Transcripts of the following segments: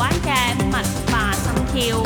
灣嘅文化心跳，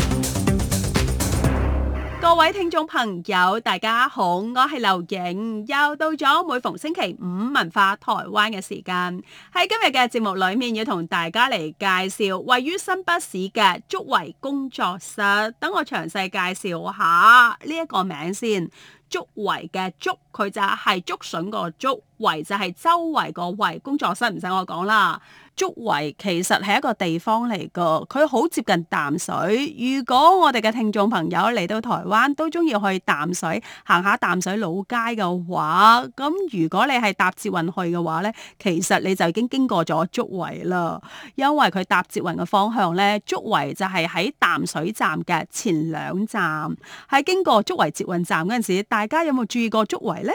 各位聽眾朋友，大家好，我係劉穎，又到咗每逢星期五文化台灣嘅時間。喺今日嘅節目裏面，要同大家嚟介紹位於新北市嘅竹圍工作室。等我詳細介紹下呢一個名先。竹圍嘅竹，佢就係竹筍個竹；圍就係周圍個圍。工作室唔使我講啦。竹圍其實係一個地方嚟㗎，佢好接近淡水。如果我哋嘅聽眾朋友嚟到台灣都中意去淡水行下淡水老街嘅話，咁如果你係搭捷運去嘅話呢，其實你就已經經過咗竹圍啦。因為佢搭捷運嘅方向呢，竹圍就係喺淡水站嘅前兩站，喺經過竹圍捷運站嗰陣時，大家有冇注意過竹圍呢？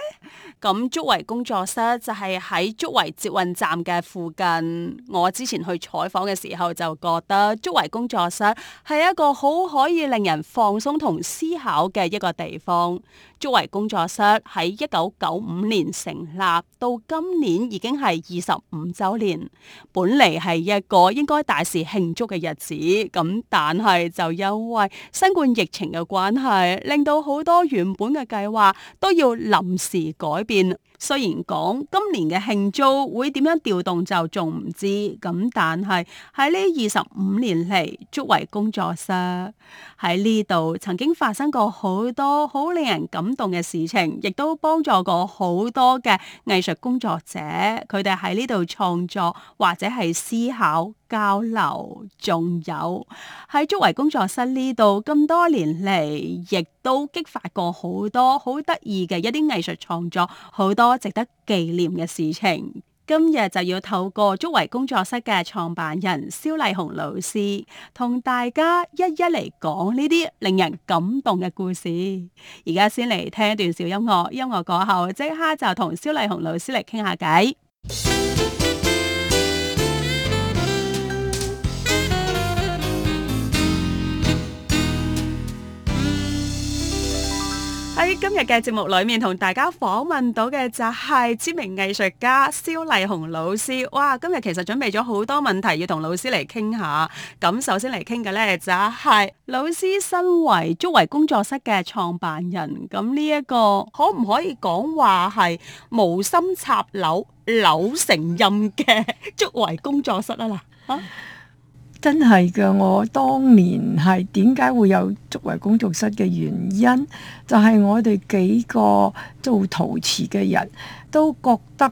咁竹圍工作室就係喺竹圍捷運站嘅附近。我之前去採訪嘅時候就覺得竹圍工作室係一個好可以令人放鬆同思考嘅一個地方。竹圍工作室喺一九九五年成立，到今年已經係二十五周年。本嚟係一個應該大事慶祝嘅日子，咁但係就因為新冠疫情嘅關係，令到好多原本嘅計劃都要臨時改變。雖然講今年嘅慶祝會點樣調動就仲唔知，咁但係喺呢二十五年嚟，作為工作室，喺呢度曾經發生過好多好令人感動嘅事情，亦都幫助過好多嘅藝術工作者，佢哋喺呢度創作或者係思考。交流，仲有喺竹圍工作室呢度咁多年嚟，亦都激發過好多好得意嘅一啲藝術創作，好多值得紀念嘅事情。今日就要透過竹圍工作室嘅創辦人蕭麗紅老師，同大家一一嚟講呢啲令人感動嘅故事。而家先嚟聽一段小音樂，音樂過後即刻就同蕭麗紅老師嚟傾下偈。今日嘅節目裏面同大家訪問到嘅就係知名藝術家蕭麗紅老師。哇，今日其實準備咗好多問題要同老師嚟傾下。咁首先嚟傾嘅呢，就係老師身為竹圍工作室嘅創辦人，咁呢一個可唔可以講話係無心插柳柳成蔭嘅竹圍工作室啊？嗱，吓。真係嘅，我當年係點解會有竹圍工作室嘅原因，就係、是、我哋幾個做陶瓷嘅人都覺得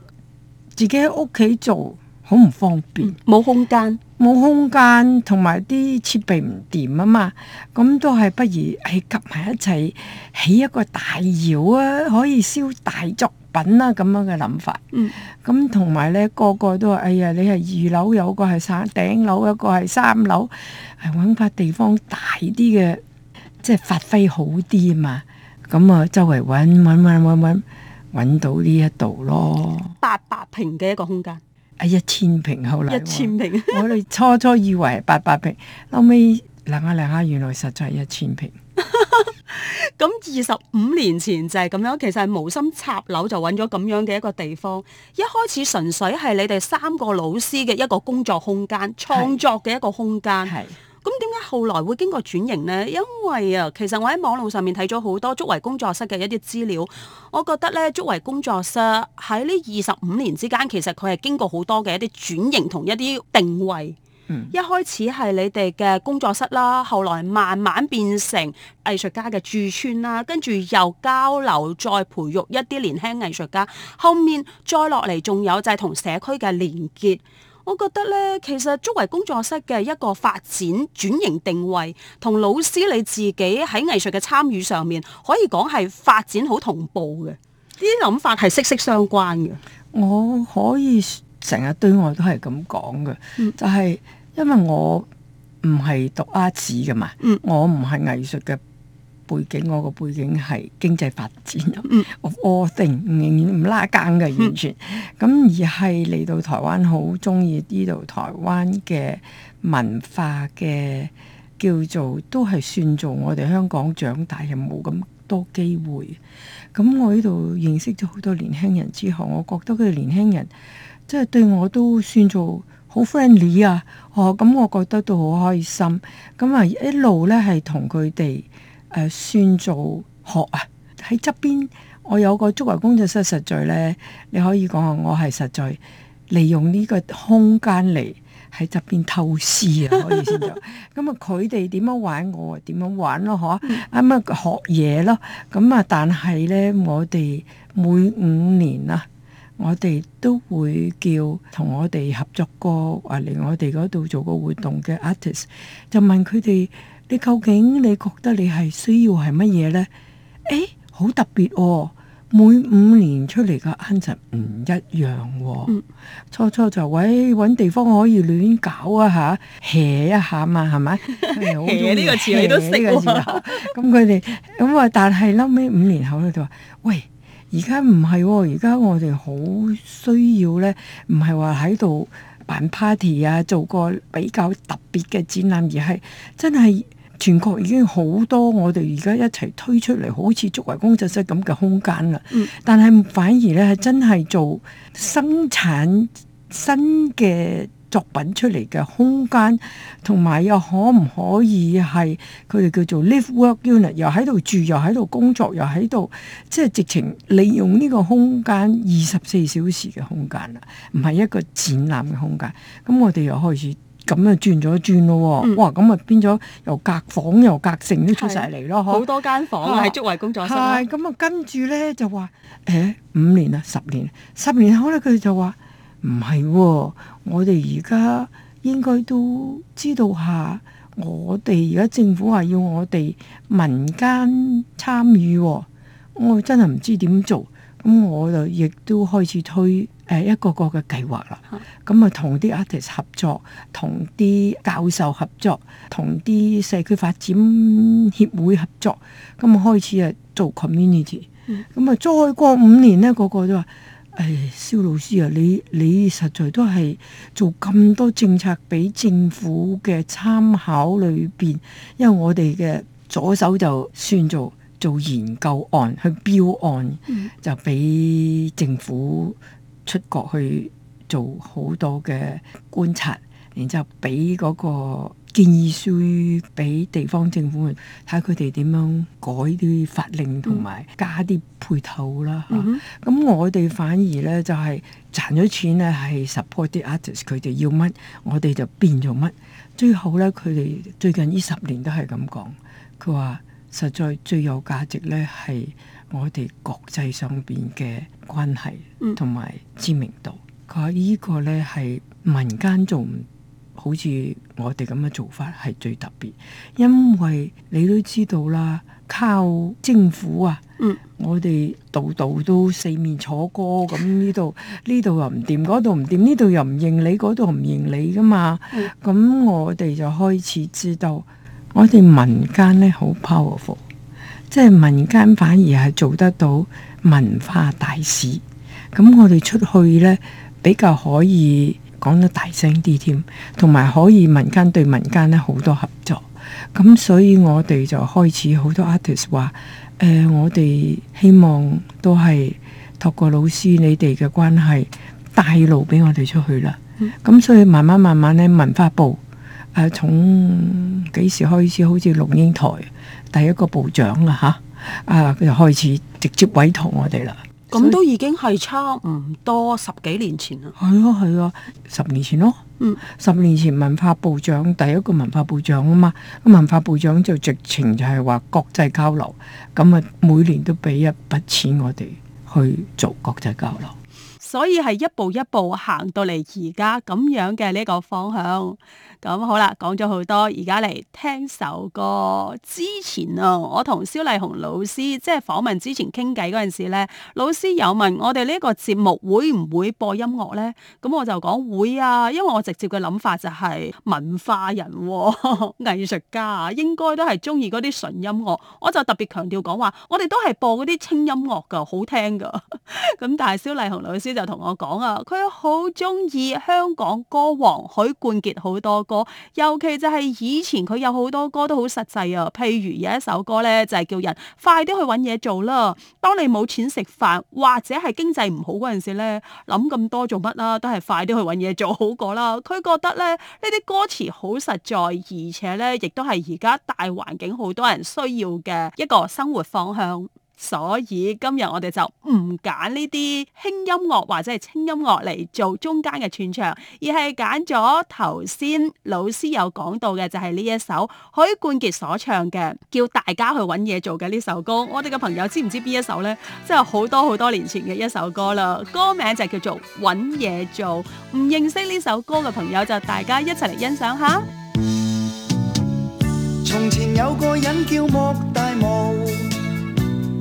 自己喺屋企做好唔方便，冇、嗯、空間，冇空間，同埋啲設備唔掂啊嘛，咁都係不如係夾埋一齊起一個大窯啊，可以燒大竹。品啦咁樣嘅諗法，咁同埋咧個個都話：哎呀，你係二樓有個係三，頂樓有個係三樓，係揾塊地方大啲嘅，即係發揮好啲啊嘛！咁、嗯、啊，周圍揾揾揾揾揾揾到呢一度咯，八百平嘅一個空間，係一，一千平。 後嚟一千平，我哋初初以為八百平，後尾諗下諗下，原來實在係一千平。咁二十五年前就係咁樣，其實係無心插柳就揾咗咁樣嘅一個地方。一開始純粹係你哋三個老師嘅一個工作空間，創作嘅一個空間。係咁點解後來會經過轉型呢？因為啊，其實我喺網絡上面睇咗好多竹圍工作室嘅一啲資料，我覺得咧竹圍工作室喺呢二十五年之間，其實佢係經過好多嘅一啲轉型同一啲定位。嗯、一開始係你哋嘅工作室啦，後來慢慢變成藝術家嘅駐村啦，跟住又交流，再培育一啲年輕藝術家。後面再落嚟，仲有就係同社區嘅連結。我覺得呢，其實作為工作室嘅一個發展轉型定位，同老師你自己喺藝術嘅參與上面，可以講係發展好同步嘅。呢啲諗法係息息相關嘅。我可以成日對外都係咁講嘅，嗯、就係、是。因為我唔係讀 art 嘅嘛，嗯、我唔係藝術嘅背景，我個背景係經濟發展，我一定唔拉更嘅完全。咁、嗯、而係嚟到台灣，好中意呢度台灣嘅文化嘅叫做，都係算做我哋香港長大又冇咁多機會。咁我呢度認識咗好多年輕人之後，我覺得佢哋年輕人真係對我都算做。好 friendly 啊！哦，咁、嗯、我覺得都好開心。咁、嗯、啊一路咧係同佢哋誒算做學啊，喺側邊我有個竹圍工作室，實在咧你可以講啊，我係實在利用呢個空間嚟喺側邊偷師啊，可以先就咁啊。佢哋點樣玩我啊？點樣玩咯？嗬、嗯！咁啊、嗯嗯、學嘢咯。咁、嗯、啊，但係咧，我哋每五年啊～我哋都會叫同我哋合作過，或嚟我哋嗰度做個活動嘅 artist，就問佢哋：你究竟你覺得你係需要係乜嘢咧？誒、哎，好特別喎、哦！每五年出嚟嘅 concept 唔一樣喎、哦。嗯、初初就喂，揾地方可以亂搞啊嚇 hea 一下嘛，係咪？hea 呢個詞你都識喎。咁佢哋咁啊，但係後尾五年後咧，就話喂。而家唔係喎，而家、哦、我哋好需要咧，唔係話喺度辦 party 啊，做個比較特別嘅展覽，而係真係全國已經好多我哋而家一齊推出嚟，好似作為工作室咁嘅空間啦。嗯，但係反而咧，係真係做生產新嘅。作品出嚟嘅空間，同埋又可唔可以係佢哋叫做 live work unit，又喺度住，又喺度工作，又喺度即係直情利用呢個空間二十四小時嘅空間啦，唔係一個展覽嘅空間。咁我哋又開始咁樣轉咗轉了咯，嗯、哇！咁啊變咗由隔房又隔成都出晒嚟咯，好是、啊、多間房係作為工作室。係咁啊，跟住咧就話誒五年啊，十年，十年後咧佢哋就話。唔係喎，我哋而家應該都知道下，我哋而家政府話要我哋民間參與喎，我真係唔知點做，咁我就亦都開始推誒一個個嘅計劃啦。咁啊，同啲 artist 合作，同啲教授合作，同啲社區發展協會合作，咁啊開始啊做 community。咁啊、嗯，再過五年咧，個個都話。誒、哎，蕭老師啊，你你實在都係做咁多政策俾政府嘅參考裏邊，因為我哋嘅左手就算做做研究案去標案、嗯，就俾政府出國去做好多嘅觀察，然之後俾嗰、嗰個。建議書俾地方政府去睇，佢哋點樣改啲法令同埋加啲配套啦嚇。咁、mm hmm. 啊、我哋反而咧就係、是、賺咗錢咧係 support 啲 artist，佢哋要乜我哋就變做乜。最好咧，佢哋最近呢十年都係咁講，佢話實在最有價值咧係我哋國際上邊嘅關係同埋知名度。佢話呢個咧係民間做唔。好似我哋咁嘅做法係最特別，因為你都知道啦，靠政府啊，嗯、我哋度度都四面楚歌，咁呢度呢度又唔掂，嗰度唔掂，呢度又唔認你，嗰度唔認你噶嘛。咁、嗯、我哋就開始知道，我哋民間咧好 powerful，即係民間反而係做得到文化大使，咁我哋出去咧比較可以。講得大聲啲添，同埋可以民間對民間咧好多合作，咁所以我哋就開始好多 artist 話：誒、呃，我哋希望都係託過老師你哋嘅關係帶路俾我哋出去啦。咁所以慢慢慢慢咧，文化部誒、呃、從幾時開始，好似龍應台第一個部長啊吓，啊，佢、啊、就開始直接委託我哋啦。咁都已經係差唔多十幾年前啦。係啊，係啊，十年前咯。嗯，十年前文化部長，第一個文化部長啊嘛，文化部長就直情就係話國際交流，咁啊每年都俾一筆錢我哋去做國際交流。所以係一步一步行到嚟而家咁樣嘅呢個方向，咁好啦，講咗好多，而家嚟聽首歌。之前啊，我同蕭麗紅老師即係訪問之前傾偈陣時咧，老師有問我哋呢個節目會唔會播音樂咧？咁我就講會啊，因為我直接嘅諗法就係文化人、哦、藝 術家應該都係中意啲純音樂。我就特別強調講話，我哋都係播啲輕音樂噶，好聽噶。咁 但係蕭麗紅老師，就同我講啊，佢好中意香港歌王許冠傑好多歌，尤其就係以前佢有好多歌都好實際啊。譬如有一首歌呢，就係叫人快啲去搵嘢做啦。當你冇錢食飯或者係經濟唔好嗰陣時呢，諗咁多做乜啦，都係快啲去搵嘢做好過啦。佢覺得呢呢啲歌詞好實在，而且呢亦都係而家大環境好多人需要嘅一個生活方向。所以今日我哋就唔揀呢啲輕音樂或者係輕音樂嚟做中間嘅串場，而係揀咗頭先老師有講到嘅，就係呢一首許冠傑所唱嘅，叫大家去揾嘢做嘅呢首歌。我哋嘅朋友知唔知邊一首呢？真係好多好多年前嘅一首歌啦。歌名就叫做《揾嘢做》。唔認識呢首歌嘅朋友，就大家一齊嚟欣賞下。從前有個人叫莫大毛。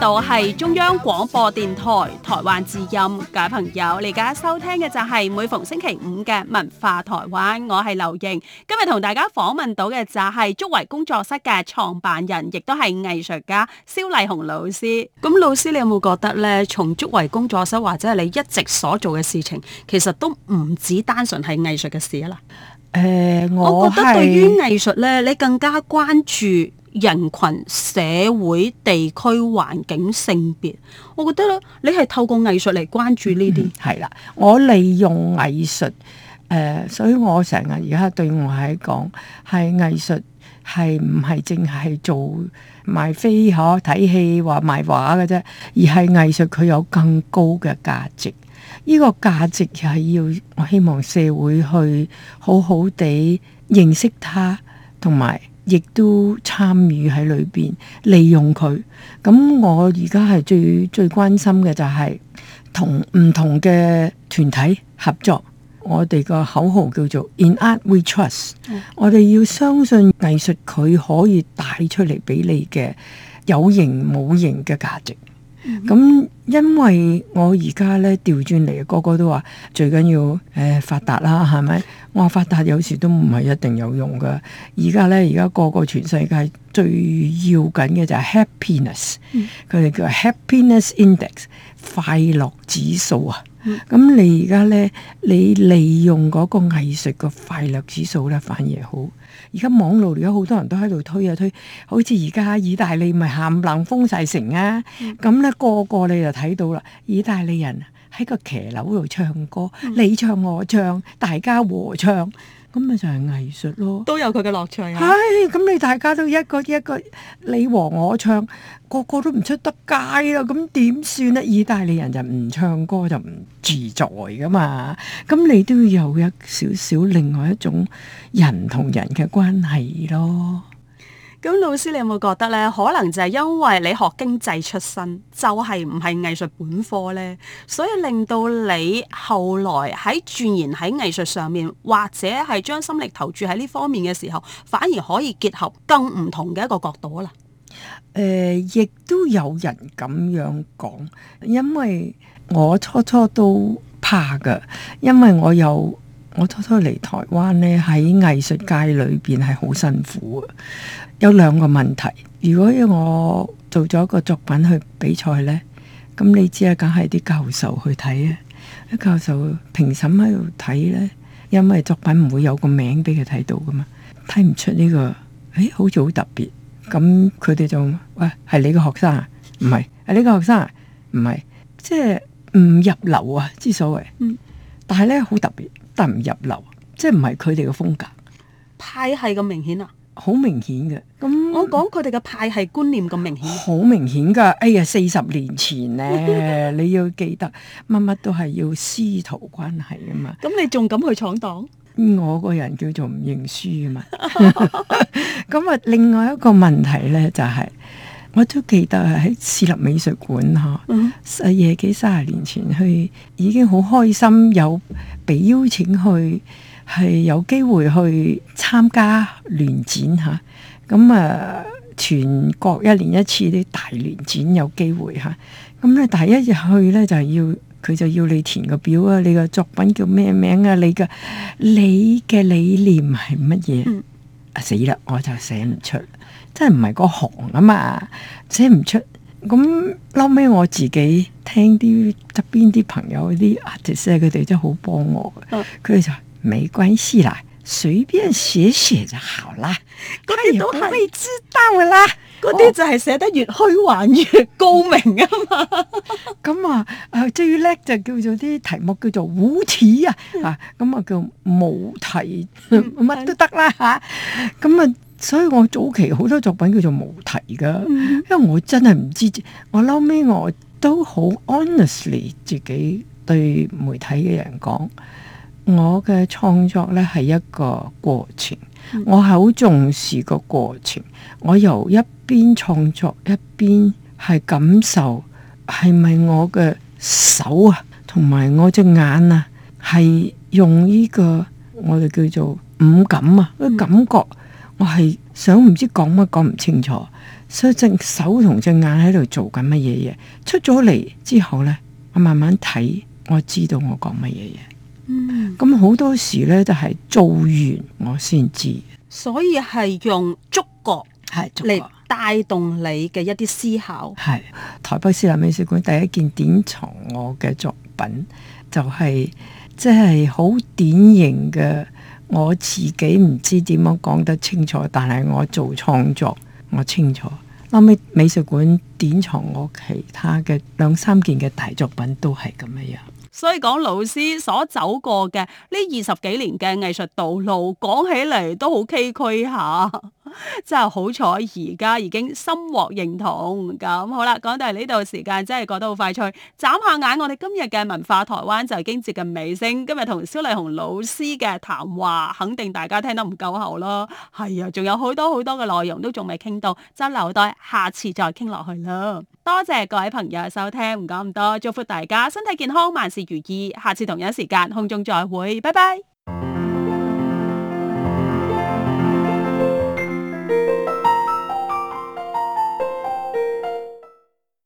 度係中央廣播電台台灣之音。各位朋友，你而家收聽嘅就係每逢星期五嘅文化台灣，我係劉瑩。今日同大家訪問到嘅就係竹圍工作室嘅創辦人，亦都係藝術家蕭麗紅老師。咁老師，你有冇覺得咧，從竹圍工作室或者係你一直所做嘅事情，其實都唔止單純係藝術嘅事啊，啦、呃？誒，我覺得對於藝術咧，你更加關注。人群、社會、地區、環境、性別，我覺得你係透過藝術嚟關注呢啲。係啦、嗯，我利用藝術、呃，所以我成日而家對我係講，係藝術係唔係淨係做賣飛可睇戲或賣畫嘅啫，而係藝術佢有更高嘅價值。呢、這個價值係要我希望社會去好好地認識它，同埋，亦都參與喺裏邊，利用佢。咁我而家係最最關心嘅就係、是、同唔同嘅團體合作。我哋個口號叫做 In art we trust。嗯、我哋要相信藝術，佢可以帶出嚟俾你嘅有形冇形嘅價值。咁，嗯、因為我而家咧調轉嚟，個個都話最緊要誒、呃、發達啦，係咪？我話發達有時都唔係一定有用噶。而家咧，而家個個全世界最要緊嘅就係 happiness，佢哋、嗯、叫 happiness index，快樂指數啊。咁、嗯、你而家咧，你利用嗰個藝術嘅快樂指數咧，反而好。而家網路而家好多人都喺度推啊推，好似而家意大利咪喊冷封曬城啊，咁咧、嗯、個個你就睇到啦，意大利人喺個騎樓度唱歌，嗯、你唱我唱，大家和唱。咁咪就係藝術咯，都有佢嘅樂趣啊！唉咁、哎，你大家都一個一個你和我唱，個個都唔出得街喇，咁點算呢？意大利人就唔唱歌就唔自在㗎嘛，咁你都要有一少少另外一種人同人嘅關係咯。咁老師你有冇覺得呢？可能就係因為你學經濟出身，就係唔係藝術本科呢，所以令到你後來喺鑽研喺藝術上面，或者係將心力投注喺呢方面嘅時候，反而可以結合更唔同嘅一個角度啦。呃，亦都有人咁樣講，因為我初初都怕㗎，因為我有。我初初嚟台灣咧，喺藝術界裏邊係好辛苦啊。有兩個問題，如果我做咗一個作品去比賽咧，咁你知啊，梗係啲教授去睇啊。啲教授評審喺度睇咧，因為作品唔會有個名俾佢睇到噶嘛，睇唔出呢、這個誒、欸，好似好特別。咁佢哋就喂係你個學生啊？唔係啊，係你個學生啊？唔係即係唔入流啊，之所謂。但係咧好特別。但唔入流，即係唔係佢哋嘅風格派系咁明顯啊？好明顯嘅。咁我講佢哋嘅派系觀念咁明顯，好明顯噶。哎呀，四十年前咧，啊， 你要記得乜乜都係要師徒關係啊嘛。咁 你仲敢去闖蕩？我個人叫做唔認輸啊嘛。咁啊，另外一個問題咧就係，是。我都記得係喺私立美術館嚇，嗯、夜幾三十年前去，已經好開心，有被邀請去，係有機會去參加聯展嚇。咁啊，全國一年一次啲大聯展有機，有機會嚇。咁咧，第一日去咧就係要佢就要你填個表啊，你嘅作品叫咩名啊？你嘅你嘅理念係乜嘢？嗯啊、死啦！我就寫唔出，出，真係唔係個行啊嘛，寫唔出。咁後尾我自己聽啲側邊啲朋友啲 artist 佢哋真係好幫我嘅。佢、嗯、就沒關係啦，隨便寫寫就好啦，佢都、嗯、不會知道啦。嗰啲就係寫得越虛幻越高明啊嘛！咁啊，誒最叻就叫做啲題目叫做、啊啊、叫做無題、嗯嗯、啊，吓咁啊叫無題乜都得啦吓！咁啊，所以我早期好多作品叫做無題噶，嗯、因為我真係唔知。我嬲尾我都好 honestly 自己對媒體嘅人講，我嘅創作咧係一個過程，嗯、我係好重視個過程，我由一。一邊創作，一邊係感受，係咪我嘅手啊，同埋我隻眼啊，係用呢個我哋叫做五感啊，呢個感覺我係想唔知講乜，講唔清楚，所以隻手同隻眼喺度做緊乜嘢嘢，出咗嚟之後呢，我慢慢睇，我知道我講乜嘢嘢。咁好多時呢，都係做完我先知。所以係用觸覺。係嚟帶動你嘅一啲思考。係台北市立美術館第一件典藏我嘅作品，就係即係好典型嘅。我自己唔知點樣講得清楚，但係我做創作我清楚。後尾美術館典藏我其他嘅兩三件嘅大作品都係咁樣。所以講老師所走過嘅呢二十幾年嘅藝術道路，講起嚟都好崎嶇下。真係好彩，而家已經深獲認同。咁好啦，講到呢度，時間真係過得好快脆，眨下眼我哋今日嘅文化台灣就已經接近尾聲。今日同蕭麗紅老師嘅談話，肯定大家聽得唔夠喉咯。係啊，仲有好多好多嘅內容都仲未傾到，就留待下次再傾落去啦。多謝各位朋友收聽，唔講咁多，祝福大家身體健康，萬事如意。下次同一時間空中再會，拜拜。